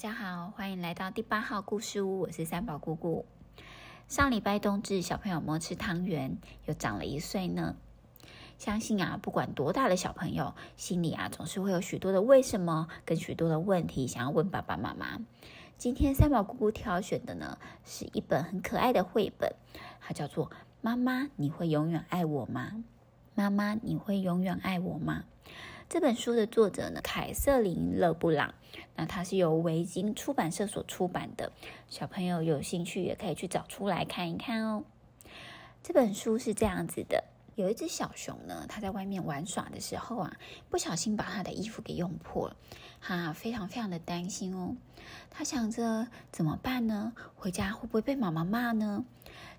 大家好，歡迎來到第八號故事屋，我是三寶姑姑。上禮拜冬至，小朋友們吃湯圓，又長了一歲呢。相信啊，不管多大的小朋友，心裡啊，總是會有許多的為什麼跟許多的問題想要問爸爸媽媽。今天三寶姑姑挑選的呢，是一本很可愛的繪本，它叫做《媽媽，你會永遠愛我嗎？媽媽，你會永遠愛我嗎？》這本書的作者呢，凱瑟琳·勒布朗，那它是由維京出版社所出版的。小朋友有興趣也可以去找出來看一看哦。這本書是這樣子的：有一隻小熊呢，它在外面玩耍的時候啊，不小心把它的衣服給弄破了，它、啊、非常非常的擔心哦。它想着怎麼辦呢？回家會不會被媽媽罵呢？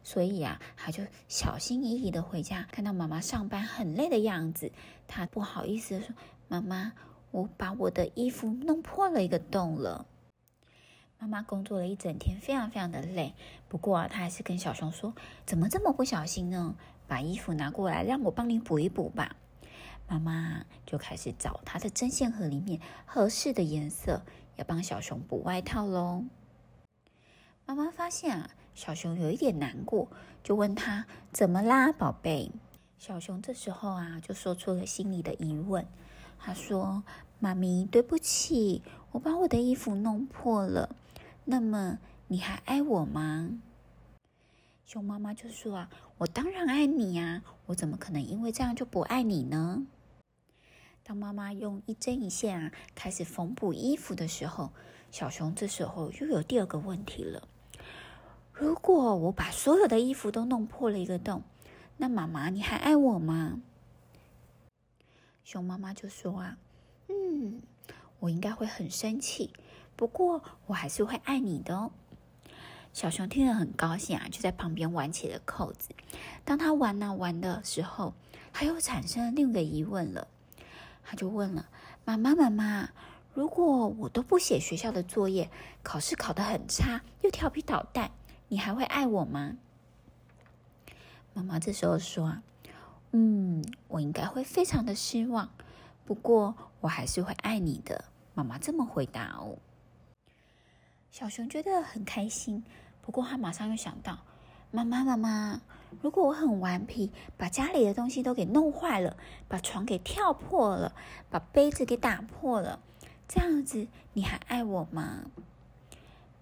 所以啊，他就小心翼翼的回家，看到媽媽上班很累的樣子，他不好意思說：“媽媽，我把我的衣服弄破了一個洞了。”媽媽工作了一整天，非常非常的累，不過啊，她還是跟小熊說：“怎麼這麼不小心呢？把衣服拿過來，讓我幫你補一補吧。”媽媽就開始找她的針線盒裡面合適的顏色，要幫小熊補外套嘍。媽媽發現啊。小熊有一點難過，就問他怎麼啦，寶貝？小熊這時候啊，就說出了心裡的疑問。他說：“媽咪，對不起，我把我的衣服弄破了。那麼，你還愛我嗎？”熊媽媽就說：“啊，我當然愛你呀，我怎麼可能因為這樣就不愛你呢？”當媽媽用一針一線啊，開始縫補衣服的時候，小熊這時候又有第二個問題了。如果我把所有的衣服都弄破了一個洞，那媽媽，你還愛我嗎？熊媽媽就說：“啊，嗯，我應該會很生氣，不過我還是會愛你的哦。”小熊聽了很高興啊，就在旁邊玩起了扣子。當他玩啊玩的時候，他又產生了另一個疑問了，他就問了：“媽媽，媽媽，如果我都不寫學校的作業，考試考得很差，又調皮搗蛋？”你還會愛我嗎？媽媽這時候說：“嗯，我應該會非常的失望，不過我還是會愛你的。”媽媽這麼回答哦。小熊覺得很開心，不過他馬上又想到：“媽媽，媽，媽媽，如果我很頑皮，把家裡的東西都給弄壞了，把床給跳破了，把杯子給打破了，這樣子你還愛我嗎？”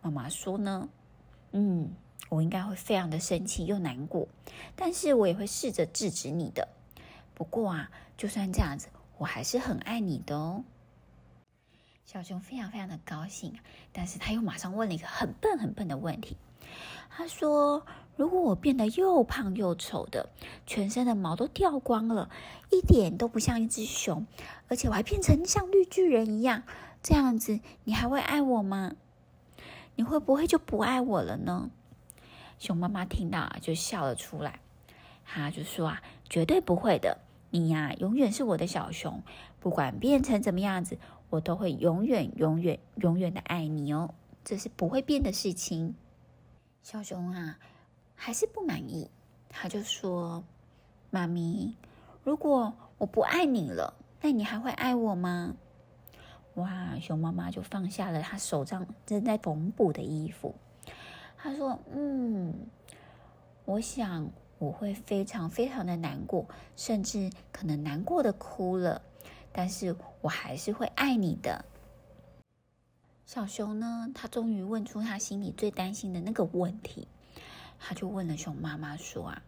媽媽說呢。嗯，我應該會非常的生氣又難過，但是我也會試着制止你的。不過啊，就算這樣子，我還是很愛你的哦。小熊非常非常的高興，但是他又馬上問了一個很笨很笨的問題。他說：“如果我變得又胖又醜的，全身的毛都掉光了，一點都不像一隻熊，而且我還變成像綠巨人一樣，這樣子你還會愛我嗎？”你會不會就不愛我了呢？熊媽媽聽到啊，就笑了出來，她就說：“啊，絕對不會的，你呀、啊，永遠是我的小熊，不管變成怎麼樣子，我都會永遠、永遠、永遠的愛你哦，這是不會變的事情。”小熊啊，還是不滿意，他就說：“媽咪，如果我不愛你了，那你還會愛我嗎？”哇！熊媽媽就放下了她手上正在縫補的衣服。她說：“嗯，我想我會非常非常的難過，甚至可能難過的哭了。但是我還是會愛你的。”小熊呢？他終於問出他心裡最擔心的那個問題。他就問了熊媽媽說：“啊，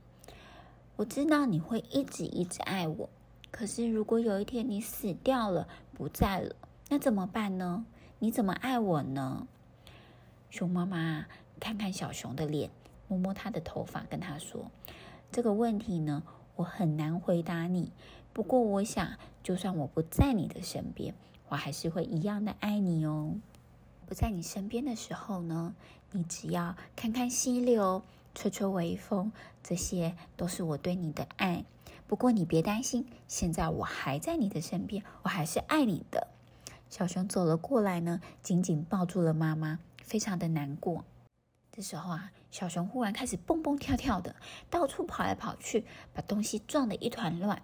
我知道你會一直一直愛我，可是如果有一天你死掉了，不在了。”那怎麼辦呢？你怎麼愛我呢？熊媽媽看看小熊的臉，摸摸它的頭髮，跟它說：“這個問題呢，我很難回答你。不過，我想，就算我不在你的身邊，我還是會一樣的愛你哦。不在你身邊的時候呢，你只要看看溪流，吹吹微風，這些都是我對你的愛。不過，你別擔心，現在我還在你的身邊，我還是愛你的。”小熊走了過來呢，緊緊抱住了媽媽，非常的難過。這時候啊，小熊忽然開始蹦蹦跳跳的，到處跑來跑去，把東西撞得一團亂。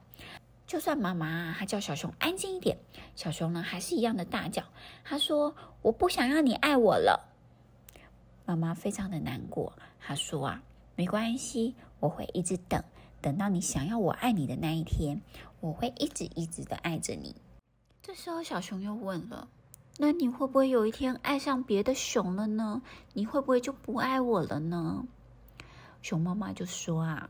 就算媽媽啊，她叫小熊安靜一點，小熊呢還是一樣的大叫。它說：“我不想要你愛我了。”媽媽非常的難過。她說：“啊，沒關係，我會一直等，等到你想要我愛你的那一天，我會一直一直的愛着你。”這時候，小熊又問了：“那你會不會有一天愛上別的熊了呢？你會不會就不愛我了呢？”熊媽媽就說：“啊，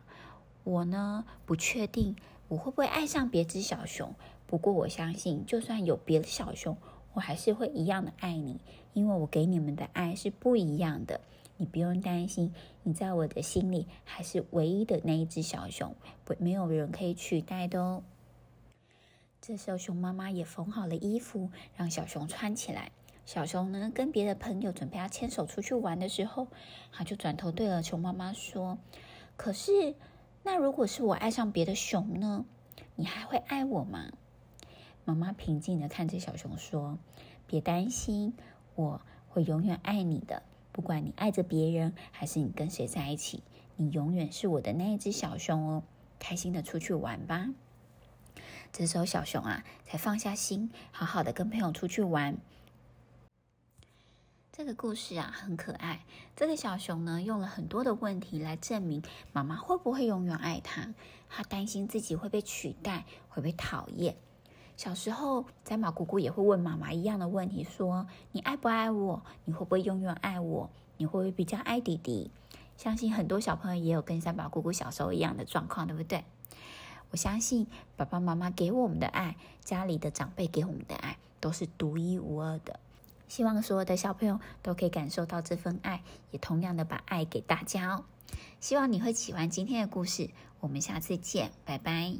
我呢不確定我會不會愛上別隻小熊，不過我相信，就算有別的小熊，我還是會一樣的愛你，因為我給你們的愛是不一樣的，你不用擔心，你在我的心裡還是唯一的那一隻小熊，沒有人可以取代的哦。”這時候，熊媽媽也縫好了衣服，讓小熊穿起來。小熊呢，跟別的朋友準備要牽手出去玩的時候，他就轉頭對了熊媽媽說：“可是，那如果是我愛上別的熊呢？你還會愛我嗎？”媽媽平靜的看着小熊說：“別擔心，我會永遠愛你的。不管你愛着別人，還是你跟誰在一起，你永遠是我的那一隻小熊哦。開心的出去玩吧。”這時候，小熊啊，才放下心，好好的跟朋友出去玩。這個故事啊，很可愛。這個小熊呢，用了很多的問題來證明媽媽會不會永遠愛他。他擔心自己會被取代，會被討厭。小時候，三寶菇菇也會問媽媽一樣的問題，說：“你愛不愛我？你會不會永遠愛我？你會不會比較愛弟弟？”相信很多小朋友也有跟三寶菇菇小時候一樣的狀況，對不對？我相信爸爸媽媽給我我們的愛，家裡的長輩給我們的愛，都是獨一無二的。希望所有的小朋友都可以感受到這份愛，也同樣的把愛給大家哦。希望你會喜歡今天的故事，我們下次見，拜拜。